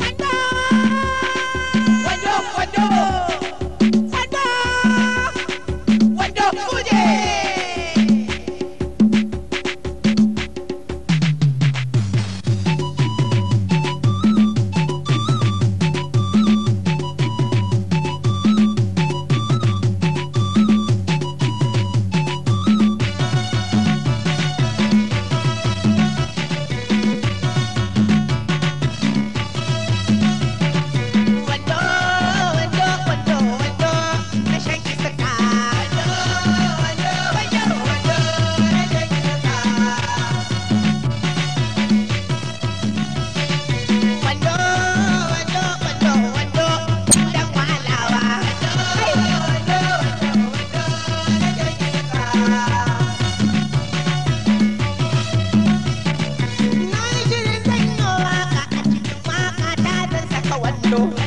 Anh ba 로